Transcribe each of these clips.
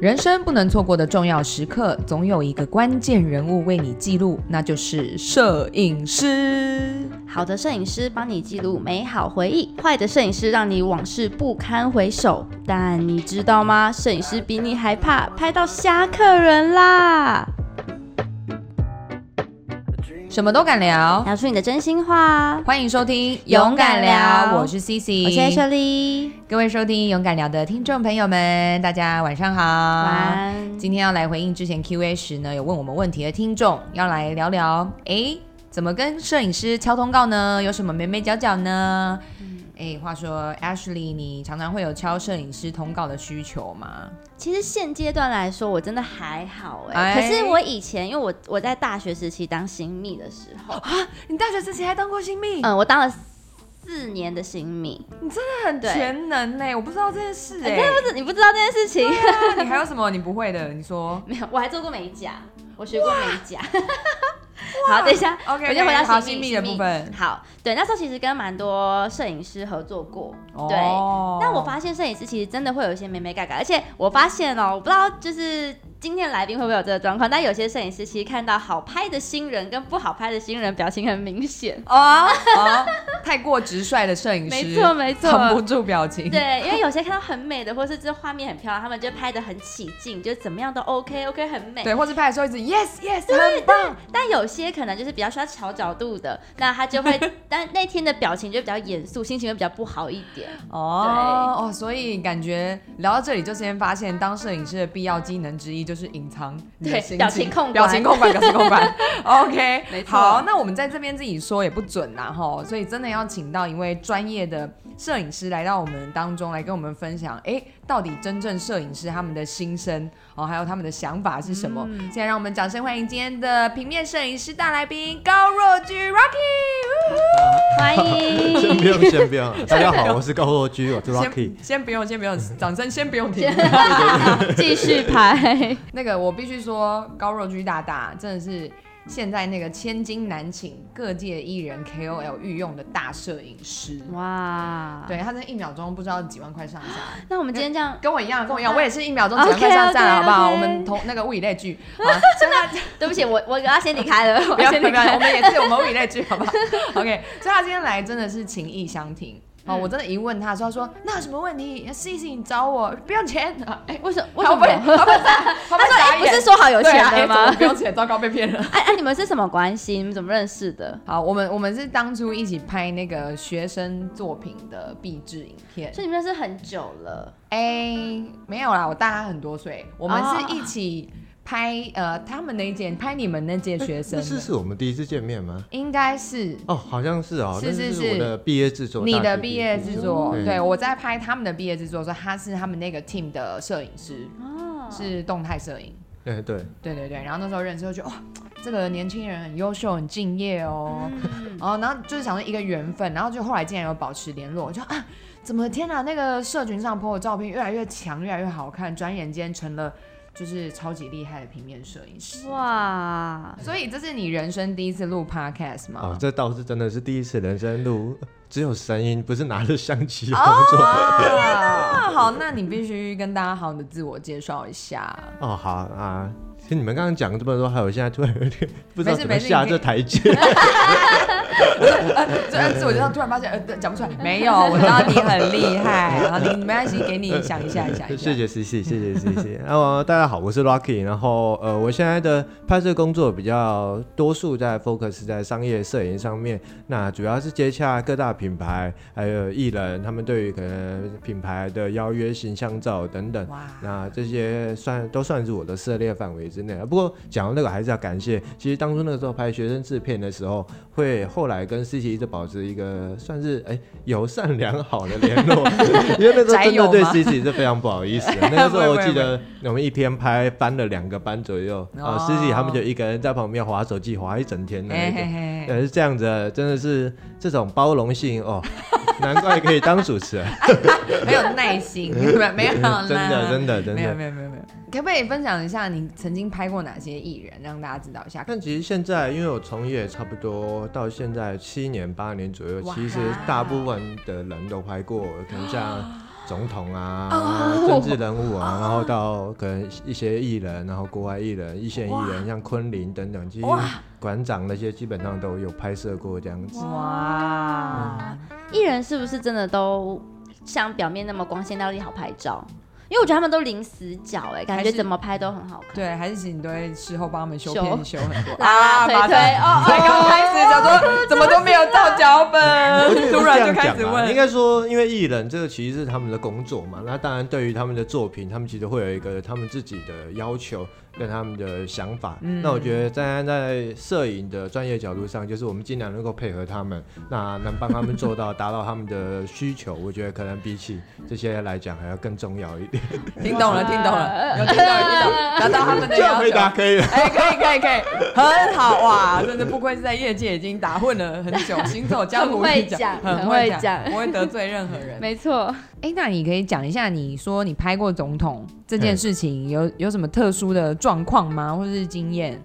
人生不能錯過的重要時刻，總有一個關鍵人物為你記錄，那就是攝影師。好的攝影師幫你記錄美好回憶，壞的攝影師讓你往事不堪回首。但你知道嗎？攝影師比你還怕拍到瞎客人啦！什麼都敢聊，聊出你的真心話。歡迎收聽《勇敢聊》，勇敢聊，我是 Sissi，我是 Ashely，各位收聽《勇敢聊》的聽眾朋友們，大家晚上好。晚安。今天要來回應之前 Q A 時呢，有問我們問題的聽眾，要來聊聊。哎，怎麼跟攝影師敲通告呢？有什麼眉眉角角呢？嗯哎、欸，話說 Ashley，你常常會有敲攝影師通告的需求嗎？其實現階段來說，我真的還好哎、欸。欸、可是我以前，因為我我在大學時期當新秘的時候啊，你大學時期還當過新秘？嗯，我當了四年的新秘。你真的很全能哎、欸！對我不知道這件事哎，你不知道這件事情、啊。你還有什麼你不會的？你說 沒有，我還做過美甲，我學過美甲。哇 哇好，等一下，okay, okay, 我先回到好心密的部分。好，對，那時候其實跟蠻多攝影師合作過。哦、對，那我發現攝影師其實真的會有一些眉眉角角，而且我發現哦、喔，我不知道就是今天來賓會不會有這個狀況，但有些攝影師其實看到好拍的新人跟不好拍的新人，表情很明顯哦。 太過直率的攝影師，沒錯沒錯，藏不住表情。對，因為有些看到很美的，或是這畫面很漂亮，他們就拍得很起勁，就怎麼樣都 OK OK 很美。對，或是拍的時候一直 Yes Yes 對。但但有些可能就是比較需要調角度的，那他就會，但那天的表情就比較嚴肅，心情會比較不好一點。哦哦，所以感覺聊到這裡就先發現，當攝影師的必要技能之一就是隱藏對表情控表情控管表情控管 OK 好，那我們在這邊自己說也不準吶吼，所以真的要。要請到一位專業的攝影師來到我們當中來跟我們分享，哎、欸，到底真正攝影師他們的心聲哦，還有他們的想法是什麼？嗯、現在讓我們掌聲歡迎今天的平面攝影師大來賓高若駒 Rocky，、啊、歡迎。先不用，先不用。大家好，我是高若駒。我 Rocky 。先不用，先不用，掌聲先不用停。繼 續拍。 那個，我必須說，高若駒大大真的是。現在那個千金難請，各界藝人 K O L 御用的大攝影師，哇，對他那一秒鐘不知道幾萬塊上下。那我們今天這樣跟，跟我一樣，跟我一樣，啊、我也是一秒鐘幾萬塊上下，好不好？Okay, okay, okay. 我們同那個物以類聚 啊。真的， 對不起，我我要先離開了，不要先離開了。 我們也是我們物以類聚，好不好 OK，所以他今天來真的是情意相挺。嗯、哦，我真的一問他，他說：“那有什麼問題？試一試，你找我，不用錢、啊。欸”哎，為什麼？為什麼？他，他，他，他，他說：“哎、欸，不是說好有錢的嗎？”啊欸、不用錢，糟糕，被騙了。哎哎、啊啊，你們是什麼關係？你們怎麼認識的？好，我們我們是當初一起拍那個學生作品的畢制影片，所以你們認識很久了。哎、欸，沒有啦，我大他很多歲，我們是一起。哦拍呃，他們那屆，拍你們那屆學生、欸。這是是我們第一次見面嗎？應該是哦，好像是啊、哦。是是是，是我的畢業制作，作。你的畢業制作，對，我在拍他們的畢業制作說，他是他們那個 team 的攝影師，是動態攝影。哦、對對對對對。然後那時候認識，就覺得哇，這個年輕人很優秀，很敬業哦。嗯、然,後然後就是想說一個緣分，然後就後來竟然有保持聯絡，就啊，怎麼天哪、啊，那個社群上朋友照片越來越強，越來越好看，轉眼間成了。就是超級厲害的平面攝影師哇！吧所以這是你人生第一次錄 Podcast 嗎？啊、哦，這倒是真的是第一次人生錄，只有聲音，不是拿着相機工作。好，那你必須跟大家好好的自我介紹一下哦。好啊，聽你們剛剛講這麼多，還有現在突然有點不知道怎麼下這台階。 這，這， 我、呃、覺突然發現，呃，講不出來，沒有，我知道你很厲害， 然後你沒關係，給你想一下，一下，謝謝，謝謝，謝謝，謝謝。啊，大家好，我是 Rocky，然後，呃，我現在的拍攝工作比較多數在 focus 在商業攝影上面，那主要是接洽各大品牌，還有藝人，他們對於可能品牌的邀約、形象照等等，哇那這些算都算是我的涉獵範圍之內，不過講到那個，還是要感謝，其實當初那個時候拍學生製片的時候，會後來跟 Sissi 一直保持一個算是哎友善良好的聯絡，因為那時候真的對 Sissi 是非常不好意思。那個時候我記得我們一天拍翻了兩個班左右，啊 Sissi 他們就一個人在旁邊划手機划一整天那一種，但是這樣子，真的是這種包容性哦，難怪可以當主持。沒有耐心，沒有啦。真的真的真的沒有沒有沒有沒有，可不可以分享一下你曾經拍過哪些藝人，讓大家知道一下？但其實現在因為我從業差不多到現在。在七年八年左右，其實大部分的人都拍過，可能、啊、像總統啊、啊政治人物啊，啊然後到可能一些藝人，啊、然後國外藝人、一線藝人，哇像昆凌等等，其實館長那些基本上都有拍攝過這樣子。哇，嗯、藝人是不是真的都像表面那麼光鮮亮麗，好拍照？因為我覺得他們都零死角哎，感覺怎麼拍都很好看。對，還是你都會事後幫他們修片修很多。啊，推推哦，才剛開始，講說怎麼都沒有照腳本，突然就開始問。應該說，因為藝人這個其實是他們的工作嘛，那當然對於他們的作品，他們其實會有一個他們自己的要求跟他們的想法。那我覺得，再在攝影的專業角度上，就是我們儘量能夠配合他們，那能幫他們做到達到他們的需求，我覺得可能比起這些來講還要更重要一點。聽懂了，聽懂了，有聽到有聽懂了，達、啊、到他們的要求，欸，可以，可以，可以，可以，可以，很好哇，啊，真的不愧是在業界已經打混了很久，行走 江湖講，會講，很會講講，會 不會得罪任何人，沒錯錯、哎、欸，那你可以講一下，你說你拍過總統這件事情有，有嘿有什麼特殊的狀況嗎，或者是經驗？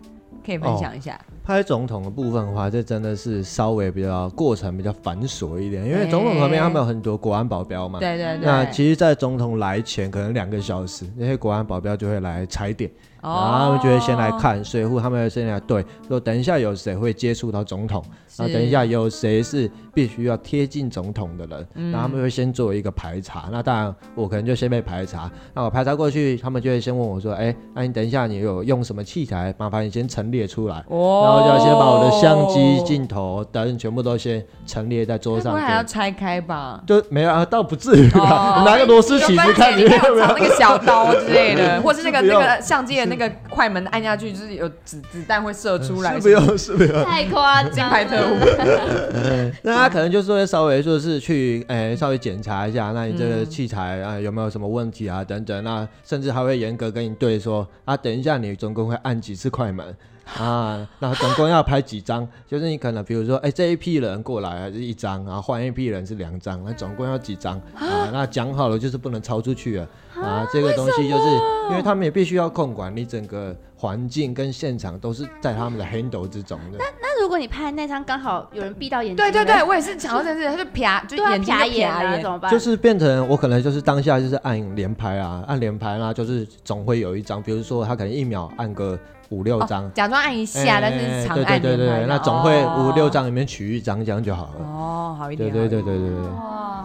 可以分享一下。哦，拍總統的部分的話，這真的是稍微比較過程比較繁瑣一點，因為總統旁邊他們有很多國安保鏢嘛。欸、對、對對。那其實，在總統來前可能兩個小時，那些國安保鏢就會來踩點。啊，然後他們就會先來看水戶，所以他們要先來對說，等一下有誰會接觸到總統，那是等一下有誰是必須要貼近總統的人，嗯、然後他們會先做一個排查。那當然，我可能就先被排查。那我排查過去，他們就會先問我說，哎、欸，那你等一下你有用什麼器材？麻煩你先陳列出來。哦。然後就要先把我的相機、鏡頭、燈全部都先陳列在桌上。不會還要拆開吧？就沒有啊，倒不至於吧、啊？拿、哦、個螺絲起子看有，你沒有沒有？那個小刀之類的， 或是那個是那個相機。那個快門按下去，就是有子子彈會射出來是不是？呃、是不要，是不要。太誇張了。金牌特務、 呃。那他可能就是會稍微說是去，欸、稍微檢查一下，那你這個器材啊、嗯呃、有沒有什麼問題啊等等。那甚至還會嚴格跟你對說，啊，等一下你總共會按幾次快門啊？那總共要拍幾張？ 就是你可能比如說，哎、欸，這一批人過來是一張，啊，一張然後換一批人是兩張，那總共要幾張？啊？那講好了就是不能超出去啊。啊，這個東西就是因為他們也必須要控管，你整個環境跟現場都是在他們的 handle 之中的。那那如果你拍那張剛好有人閉到眼睛，對對對，我也是想到這個，他就啪，就眼睛就閉了，怎麼辦？就是變成我可能就是當下就是按連拍啊，按連拍啦，就是總會有一張，比如說他可能一秒按個五六張，假裝按一下，但是長按連拍啊，對對對對，那總會五六張裡面取一張這樣就好了。哦，好一點，對對對對對對。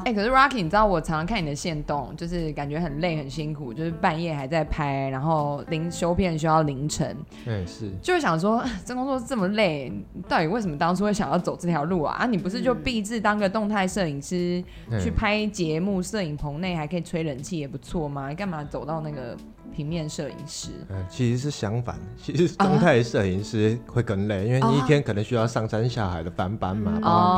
哎、欸，可是 Rocky，你知道我常常看你的限動，就是感覺很累很辛苦，就是半夜還在拍，然後臨修片修到凌晨。對、欸，是。就是想說，這工作這麼累，到底為什麼當初會想要走這條路啊？啊，你不是就立志當個動態攝影師，嗯、去拍節目，攝影棚內還可以吹冷氣，也不錯嗎？你幹嘛走到那個？平面攝影師，嗯，其實是相反，其實動態的攝影師會更累，因為你一天可能需要上山下海的翻班嘛，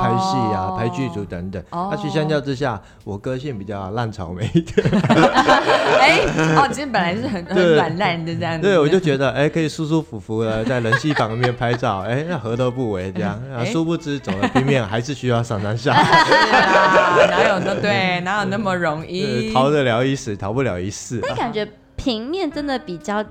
拍戲啊、拍劇組等等。那去相較之下，我個性比較爛草莓的。哎，哦，今天本來是很很軟爛的這樣。對，我就覺得哎，可以舒舒服服的在冷氣房裡面拍照，哎，那何樂不為這樣？啊，殊不知走到平面還是需要上山下海。哪有的對，哪有那麼容易？逃得了一時，逃不了一世。那感覺。平面真的比較，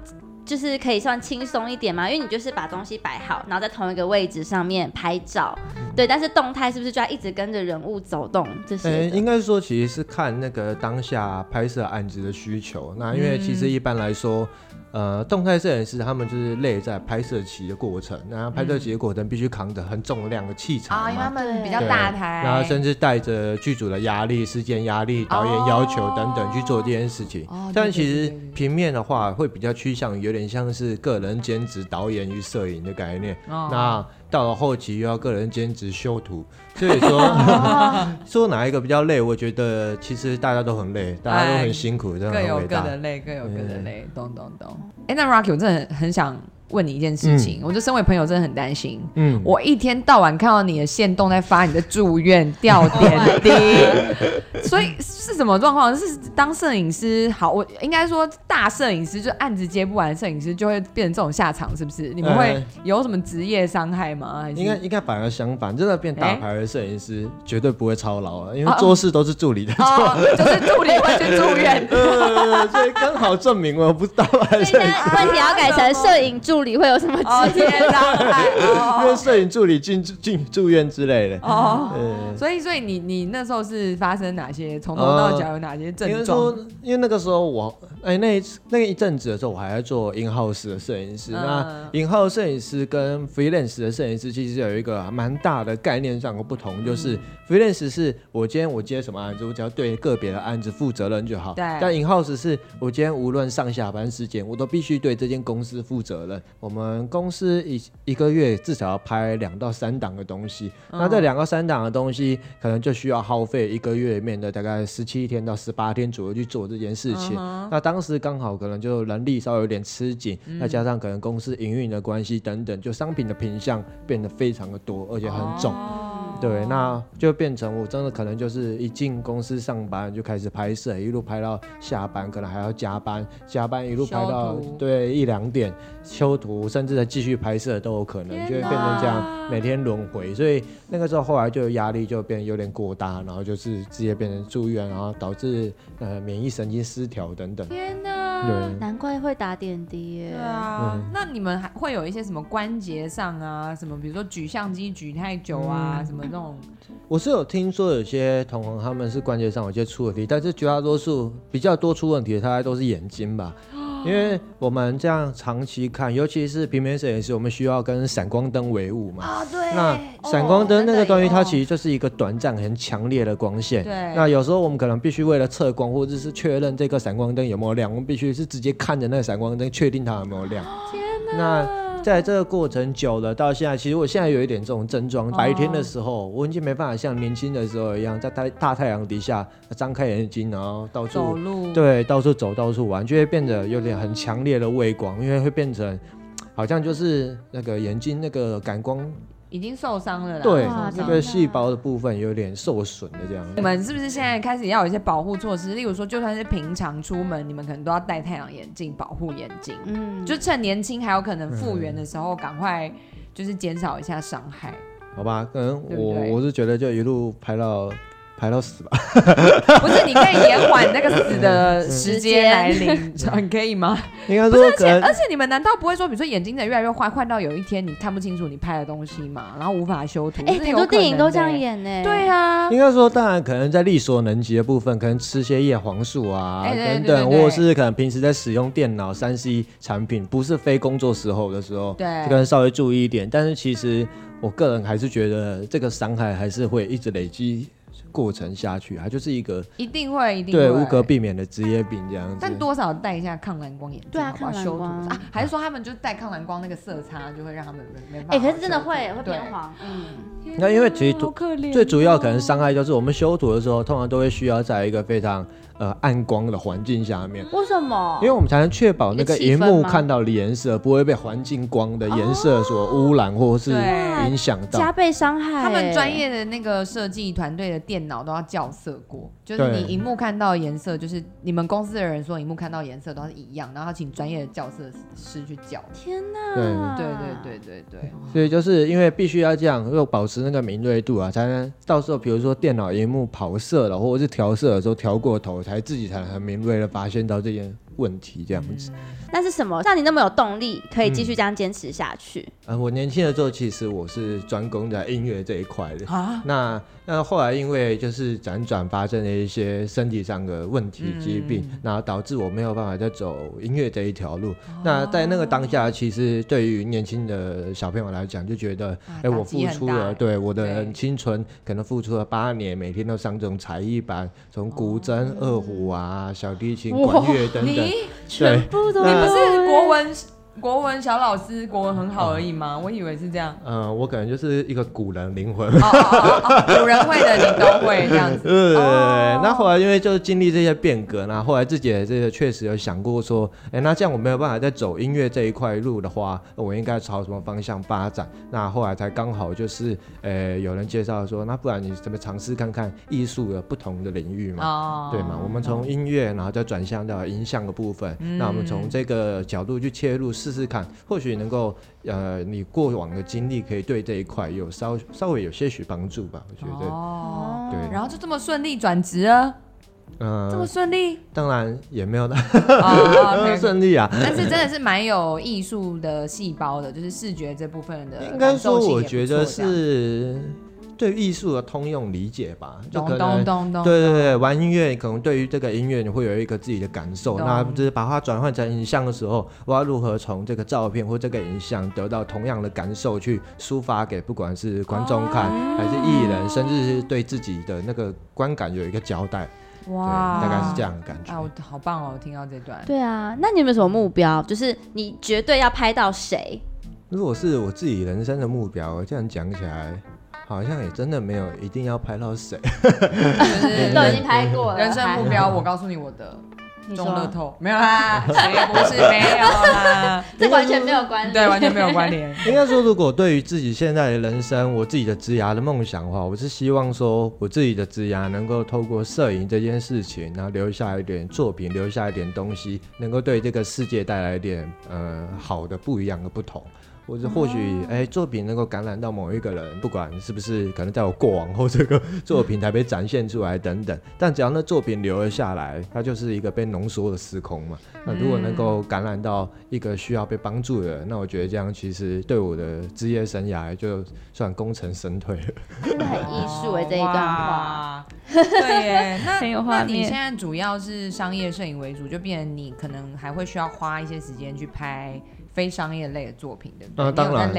就是可以算輕鬆一點嘛，因為你就是把東西擺好，然後在同一個位置上面拍照，對。但是動態是不是就要一直跟着人物走動就是、欸、應該說其實是看那個當下拍攝案子的需求，那因為其實一般來說。嗯呃，動態攝影師他們就是累在拍攝期的過程，然後、嗯、拍攝期的過程必須扛着很重量的器材、哦、因為他們比較大台，然後甚至帶着劇組的壓力、時間壓力、導演要求等等去做這件事情。但其實平面的話，會比較趨向有點像是個人兼職導演與攝影的概念。哦、那到了後期又要個人兼職修圖，所以說 說哪一個比較累？我覺得其實大家都很累，大家都很辛苦，哎、各有各的累，各有各的累，懂懂懂。哎、欸，那 Rocky，我真的很想。問你一件事情，我就身為朋友真的很擔心。嗯，我一天到晚看到你的限動在發，你的住院吊點滴，所以是什麼狀況？是當攝影師好？我應該說大攝影師就案子接不完，攝影師就會變成這種下場，是不是？你們會有什麼職業傷害嗎？應該應該反而相反，真的變大牌的攝影師絕對不會操勞了，因為做事都是助理的錯，就是助理會去住院。所以剛好證明我不是大牌的攝影師。問題要改成攝影助理，助理會有什麼職業傷害？Oh, oh. 因為攝影助理進進住院之類的。哦、oh. 嗯，所以所以你你那時候是發生哪些？從頭到腳有哪些症狀、uh,？因為那個時候我哎那、欸、那一陣、那個、子的時候，我還在做 in house 的攝影師。Uh, 那 in house 攝影師跟 freelance 的攝影師其實有一個蠻、啊、大的概念上的不同，就是 freelance 是我今天我接什麼案子，我只要對個別的案子負責任就好。對但 in house 是我今天無論上下班時間，我都必須對這間公司負責任。我們公司一一個月至少要拍兩到三檔的東西，uh huh. 那這兩到三檔的東西，可能就需要耗費一個月裡面的大概十七天到十八天左右去做這件事情。Uh huh. 那當時剛好可能就人力稍微有點吃緊，uh huh. 再加上可能公司營運的關係等等，就商品的品項變得非常的多，而且很重。Uh huh. 對，那就變成我真的可能就是一進公司上班就開始拍攝，一路拍到下班，可能還要加班，加班一路拍到對一兩點，修圖毒甚至再繼續拍攝都有可能，就會變成這樣天哪每天輪回。所以那個時候後來就有壓力，就變有點過大，然後就是直接變成住院，然後導致呃免疫神經失調等等。嗯、難怪會打點滴耶。對啊，嗯、那你們還會有一些什麼關節上啊，什麼比如說舉相機舉太久啊，嗯、什麼這種。我是有聽說有些同行他們是關節上有些出問題，但是絕大多數比較多出問題的，大概都是眼睛吧。因為我們這樣長期看，尤其是平面攝影師，我們需要跟閃光燈為伍嘛。啊，對。那閃光燈那個東西，它其實就是一個短暫、很強烈的光線。對那有時候我們可能必須為了測光，或者是確認這個閃光燈有沒有亮，我們必須是直接看着那個閃光燈，確定它有沒有亮。哪那。在這個過程久了，到現在，其實我現在有一點這種症狀。白天的時候，哦、我已經沒辦法像年輕的時候一樣，在大太陽底下張開眼睛，然後到處走路對，到處走，到處玩，就會變得有點很強烈的畏光，嗯、因為會變成好像就是那個眼睛那個感光。已經受傷了啦，對，哇傷那個細胞的部分有點受損的這樣。嗯、你們是不是現在開始要有一些保護措施？例如說，就算是平常出門，你們可能都要戴太陽眼鏡保護眼睛。嗯，就趁年輕還有可能復原的時候，嗯、趕快就是減少一下傷害。好吧，可能我我是覺得就一路拍到。拍到死吧？ 不是，你可以延緩那個死的時間來臨，這樣可以嗎？應該說，不是，而且而且你們難道不會說，比如說眼睛也越來越壞，壞到有一天你看不清楚你拍的東西嘛？然後無法修圖。哎、欸，很多電影都這樣演呢、欸。對啊，應該說，當然可能在力所能及的部分，可能吃些葉黃素啊等等，或是可能平時在使用電腦、三 C 產品，不是非工作時候的時候，對，就可能稍微注意一點。對但是其實我個人還是覺得這個傷害還是會一直累積。過程下去、啊，它就是一個一定會一定會對無可避免的職業病這樣子。但多少戴一下抗藍光眼鏡，對啊，抗藍光啊，還是說他們就戴抗藍光那個色差，就會讓他們沒沒辦法。哎、欸，可是真的會對會變黃，嗯。耶那因為其實最、啊哦、最主要可能傷害就是我們修圖的時候，通常都會需要在一個非常。呃，暗光的環境下面，為什麼？因為我們才能確保那個熒幕看到的顏色不會被環境光的顏色所污染或者是影響到，哦、加倍傷害。他們專業的那個設計團隊的電腦都要校色過，就是你熒幕看到的顏色，就是你們公司的人說熒幕看到的顏色都是一樣，然後他請專業的校色師去校。天哪！對對對對對對，對對對對對。所以就是因為必須要這樣，又保持那個敏銳度啊，才能到時候比如說電腦熒幕跑色了，或者是調色的時候調過頭。才自己才能很敏銳的發現到這件問題，這樣子。嗯、 那是什麼，像你那麼有動力，可以繼續這樣堅持下去？嗯、呃，我年輕的時候其實我是專攻在音樂這一塊的。啊、那。那後來因為就是輾轉發生了一些身體上的問題疾病，嗯、然後導致我沒有辦法再走音樂這一條路。哦、那在那個當下，其實對於年輕的小朋友來講，就覺得，哎、啊欸，我付出了，對，我的青春可能付出了八年，每天都上這種才藝班，從古箏、哦、二胡啊、小提琴、哇管樂等等，你對，你不是國文是？國文小老師，國文很好而已嗎？嗯、我以為是這樣。嗯，我可能就是一個古人靈魂，古人會的你都會這樣子。 對、oh、那後來因為就是經歷這些變革呢，那後來自己也這個確實有想過說，哎、欸，那這樣我沒有辦法再走音樂這一塊路的話，我應該朝什麼方向發展？那後來才剛好就是，呃、欸，有人介紹說，那不然你怎麼嘗試看看藝術的不同的領域嘛？哦、oh。對嘛？我們從音樂，然後再轉向到影像的部分，oh、那我們從這個角度去切入是。試試看，或許能夠呃，你過往的經歷可以對這一塊有稍稍微有些許幫助吧。我覺得，哦、對了，然後就這麼順利轉職啊，嗯、呃，這麼順利，當然也沒有的，沒順、哦、 利啊，但是真的是蠻有藝術的細胞的， 就是視覺這部分的，應該說我覺得是。對藝術的通用理解吧，就可能咚咚咚咚咚對對，對，對，玩音樂，可能對於這個音樂你會有一個自己的感受。咚咚咚那就是把它轉換成影像的時候，我要如何從這個照片或這個影像得到同樣的感受，去抒發給不管是觀眾看，哦，還是藝人，甚至是對自己的那個觀感有一個交代。哇，大概是這樣的感覺。啊，我好棒哦！我聽到這段。對啊，那你有沒有什麼目標？就是你絕對要拍到誰？如果是我自己人生的目標，這樣講起來。好像也真的沒有，一定要拍到誰，都已經拍過了。人生目標，我告訴你我的 你說 中樂透沒有啦、啊， 不是沒有啦，這完全沒有關聯， 對，完全沒有關聯。應該說，如果對於自己現在的人生，我自己的職涯的夢想的話，我是希望說，我自己的職涯能夠透過攝影這件事情，然後留下一點作品，留下一點東西，能夠對這個世界帶來一點呃好的、不一樣的、不同。或者或許，哎、欸，作品能夠感染到某一個人，嗯、不管是不是可能在我過往後這個作品才被展現出來等等，但只要那作品留了下來，它就是一個被濃縮的時空嘛。那如果能夠感染到一個需要被幫助的人，那我覺得這樣其實對我的職業生涯就算功成身退了。真的很藝術的這一段話，對耶。那那你現在主要是商業攝影為主，就變成你可能還會需要花一些時間去拍。非商業類的作品對不對？的，當然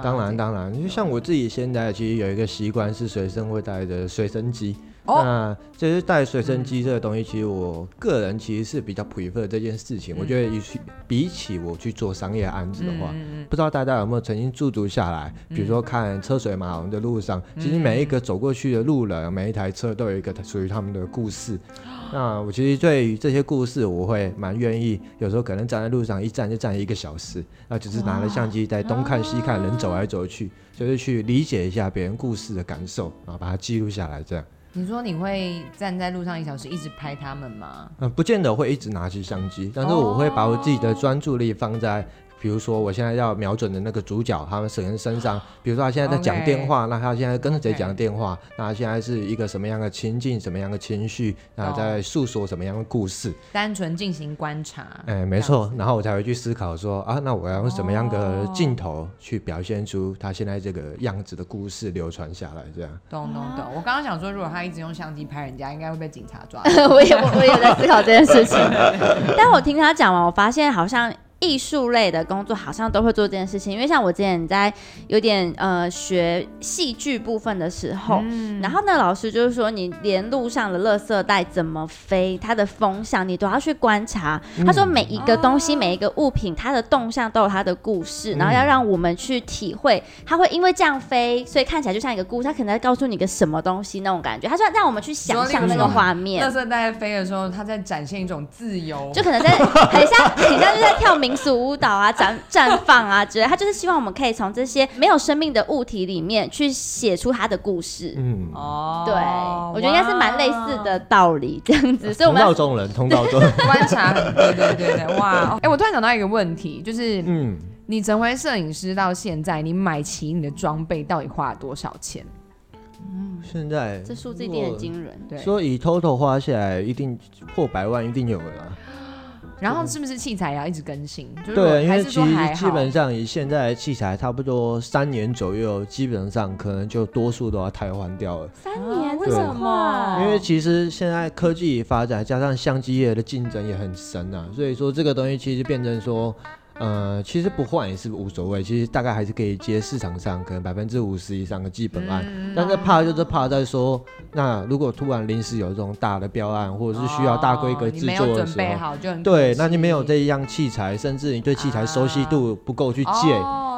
當然，當然，就像我自己現在，其實有一個習慣，是隨身會帶着隨身機。那這些帶隨身機這個東西，嗯、其實我個人其實是比較 prefer 這件事情。嗯、我覺得比起我去做商業案子的話，嗯、不知道大家有沒有曾經駐足下來，嗯、比如說看車水馬龍的路上，嗯、其實每一個走過去的路人，嗯、每一台車都有一個屬於他們的故事。嗯、那我其實對於這些故事，我會蠻願意，有時候可能站在路上一站就站一個小時，哇那就是拿着相機在東看西看，人走來走去，哇就是去理解一下別人故事的感受，然後把它記錄下來，這樣。你說你會站在路上一小時一直拍他們嗎？嗯，不見得會一直拿起相機，但是我會把我自己的專注力放在。比如說，我現在要瞄準的那個主角，他們誰人身上？比如說，他現在在講電話，那他現在跟誰講電話？那現在是一個什麼樣的情境？什麼樣的情緒？那他在訴說什麼樣的故事？單純進行觀察，哎，沒錯。然後我才會去思考說啊，那我要用什麼樣的鏡頭去表現出他現在這個樣子的故事流傳下來？這樣，懂懂懂。我剛剛想說，如果他一直用相機拍人家，應該會被警察抓。我也我我也在思考這件事情，但我聽他講完，我發現好像。藝術類的工作好像都會做這件事情，因為像我之前在有點呃學戲劇部分的時候，嗯、然後那老師就是說，你連路上的垃圾袋怎麼飛，它的風向你都要去觀察。嗯、他說每一個東西，啊、每一個物品，它的動向都有它的故事，然後要讓我們去體會，它會因為這樣飛，所以看起來就像一個故事，它可能在告訴你個什麼東西那種感覺。他說讓我們去想象那個畫面，垃圾袋飛的時候，它在展現一種自由，就可能在很像很像就在跳明。民族 舞蹈啊，綻綻放啊之類，他就是希望我們可以從這些沒有生命的物體裡面去寫出他的故事。嗯哦，對，哇我覺得應該是蠻類似的道理這樣子，啊、所以我們要，同道中人、同道中人 觀察，對對對，對哇、哦，哎、欸，我突然想到一個問題，就是嗯，你成為攝影師到現在，你買齊你的裝備到底花了多少錢？嗯，現在這數字一定很驚人，所以 total 花下來一定破百萬，一定有了、啊。然後是不是器材也要一直更新？就是、對，因為其實基本上以現在的器材，差不多三年左右，基本上可能就多數都要汰換掉了。三年？對為什麼？因為其實現在科技發展，加上相機業的競爭也很深啊，所以說這個東西其實變成說。呃、嗯，其實不換也是無所謂，其實大概還是可以接市場上可能百分之五十以上的基本案，嗯啊、但是怕就是怕在說，那如果突然臨時有這種大的標案，或者是需要大規格制作的時候，哦、你對，那就沒有這一樣器材，甚至你對器材熟悉度不夠去借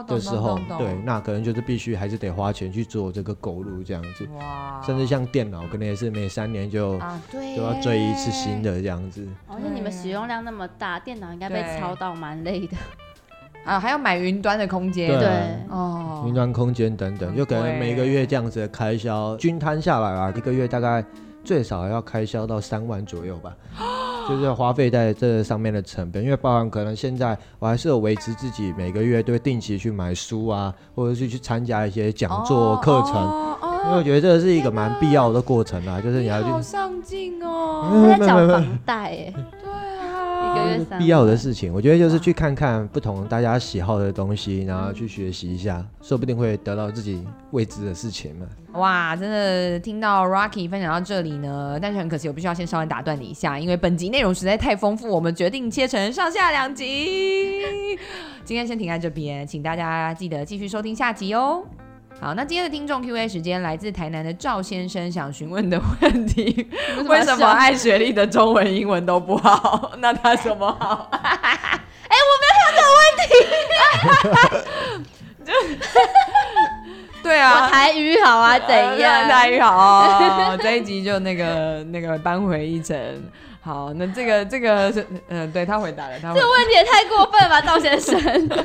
的時候，啊哦、對，那可能就是必須還是得花錢去做這個購入這樣子，哇甚至像電腦，可能也是每三年就、啊、就要追一次新的這樣子、哦。而且你們使用量那麼大，電腦應該被操到蠻累的。啊，還要買雲端的空間，對，哦，雲端空間等等，就可能每個月這樣子的開銷均攤下來啊，一個月大概最少要開銷到三萬左右吧，就是花費在這上面的成本，因為包含可能現在我還是有維持自己每個月都會定期去買書啊，或者去去參加一些講座課程，因為我覺得這是一個蠻必要的過程啊，就是你要去上進哦，他在講房貸哎。有必要的事情，對我覺得就是去看看不同大家喜好的東西，哇然後去學習一下，說不定會得到自己未知的事情呢。嗯。哇，真的聽到 Rocky 分享到這裡呢，但是很可惜，我必須要先稍微打斷你一下，因為本集內容實在太豐富，我們決定切成上下兩集。 今天先停在這邊，請大家記得繼續收聽下集哦。好，那今天的聽眾 Q A 時間來自台南的趙先生想詢問的問題：為什麼愛雪莉的中文、英文都不好？那他什麼好？哎、 欸，我沒有想到問題。對啊，台語好啊，怎樣， 我台語好啊。這一集就那個那個扳回一城。好，那這個這個是，嗯，對他回答了，他。這問題也太過分了吧，道先生。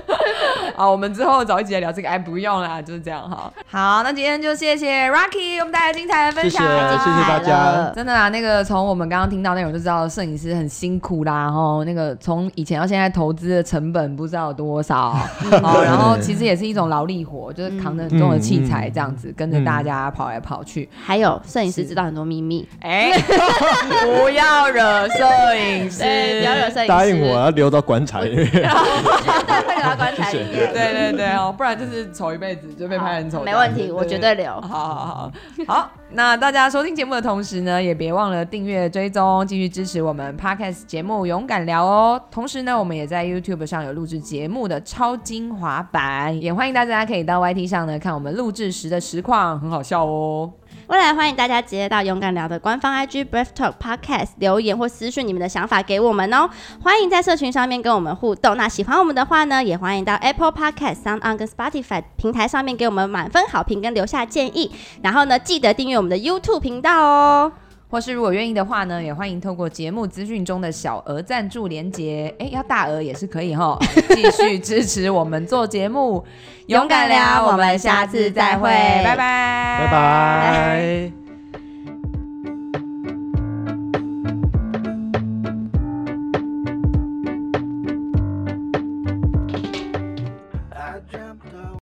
啊，我們之後找一集來聊這個，哎，不用啦，就是這樣哈。好，那今天就謝謝 Rocky，我們帶來精彩的分享，謝謝大家。真的啊，那個從我們剛剛聽到內容就知道攝影師很辛苦啦，吼，那個從以前到現在投資的成本不知道有多少，哦，然後其實也是一種勞力活，就是扛着很重的器材這樣子跟着大家跑來跑去，還有攝影師知道很多秘密，哎，不要惹。攝影師，你要有攝影師。答應我，要留到棺材裡面。哈哈留到棺材裡。 對對對哦，不然就是醜一輩子，就被拍很醜。沒問題，對對對我絕對留。好，好好好， 好。那大家收聽節目的同時呢，也別忘了訂閱、追蹤、繼續支持我們 podcast 節目《勇敢聊》哦。同時呢，我們也在 YouTube 上有錄製節目的超精華版，也歡迎大家可以到 YT 上呢看我們錄製時的實況，很好笑哦。未來歡迎大家直接到勇敢聊的官方 IG Brave Talk Podcast 留言或私訊你們的想法給我們哦。歡迎在社群上面跟我們互動。那喜歡我們的話呢，也歡迎到 Apple Podcast、Sound On 跟 Spotify 平台上面給我們滿分好評跟留下建議。然後呢，記得訂閱我們的 YouTube 頻道哦。或是如果願意的話呢，也歡迎透過節目資訊中的小額贊助連結，誒、欸、要大額也是可以哈，繼 續支持我們做節目， 勇敢聊， 我們下次再會，拜拜，拜拜。